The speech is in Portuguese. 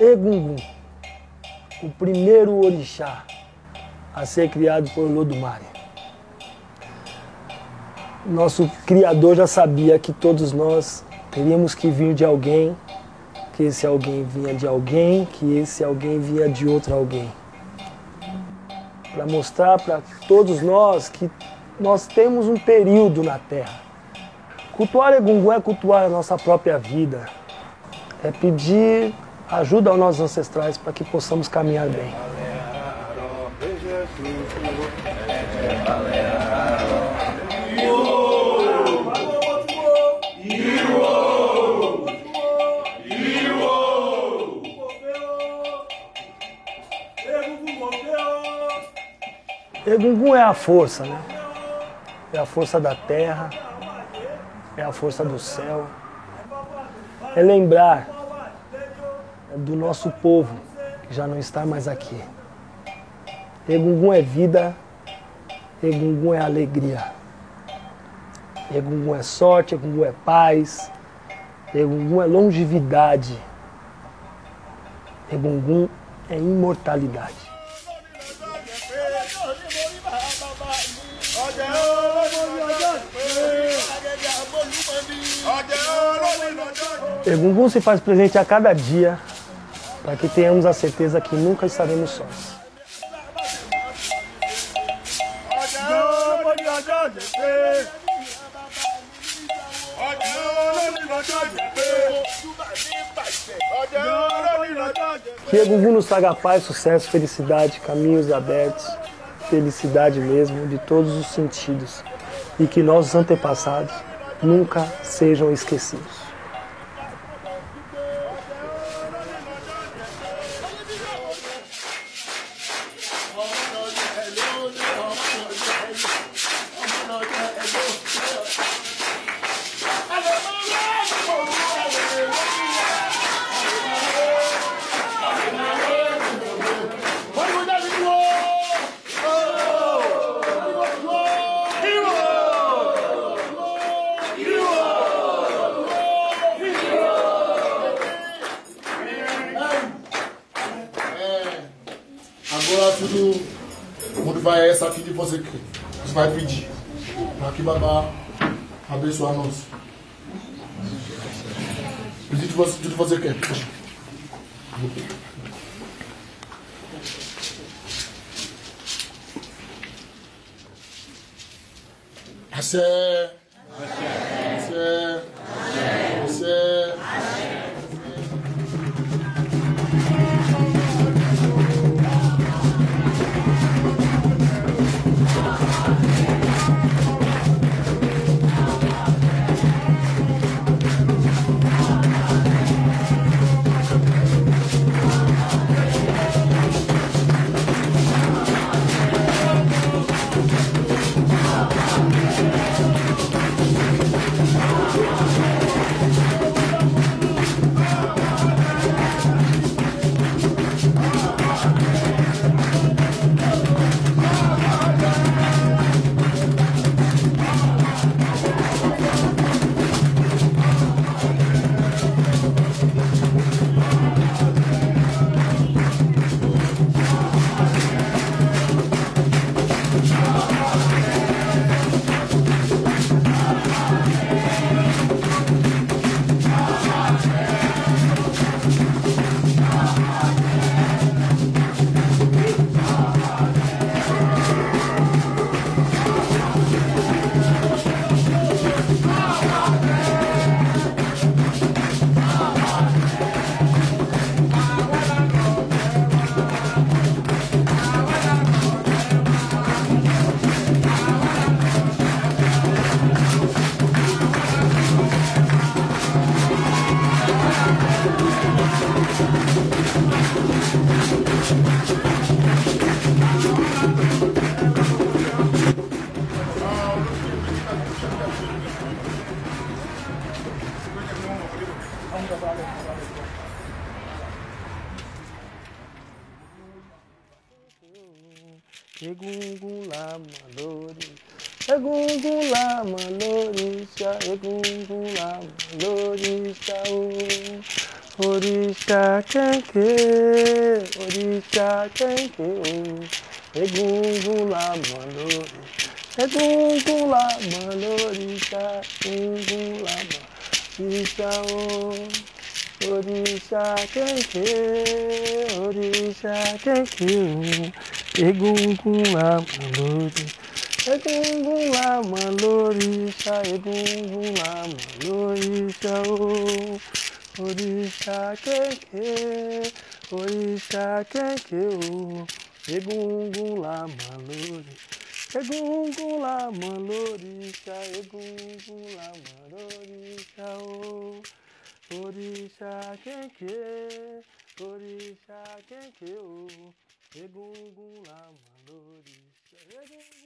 Egungun, o primeiro orixá a ser criado por Olodumare. Nosso Criador já sabia que todos nós teríamos que vir de alguém, que esse alguém vinha de alguém, que esse alguém vinha de outro alguém. Para mostrar para todos nós que nós temos um período na Terra. Cultuar Egungun é cultuar a nossa própria vida. É pedir Ajuda aos nossos ancestrais para que possamos caminhar bem. Egungun é a força, né? É a força da terra, é a força do céu. É lembrar do nosso povo que já não está mais aqui. Egungun é vida, Egungun é alegria. Egungun é sorte, Egungun é paz, Egungun é longevidade. Egungun é imortalidade. Egungun se faz presente a cada dia para que tenhamos a certeza que nunca estaremos sós. Que a Gugu nos traga paz, sucesso, felicidade, caminhos abertos, felicidade mesmo, de todos os sentidos. E que nossos antepassados nunca sejam esquecidos. o tudo vai essa aqui que você, você vai pedir. Para que babá abençoar nós. Pedir você, tudo que você quer. Axé. Axé. Egungula malori, egungula malori, egungula malori, Orixá Kanke, Orixá Kanke, Egungula Mandori, Egungula Mandori, Egungula Orixá O, Orixá Kanke, Orixá Kanke, Egungula Mandori, Egungula Mandori, Egungula Mandori, O. Orixá Kenke, Orixá Kenke, Egungula Malori, lá Malorixá, Egungula Malorixá, Orixá Kenke, Orixá Kenke, Egungula Malorixá, Egungula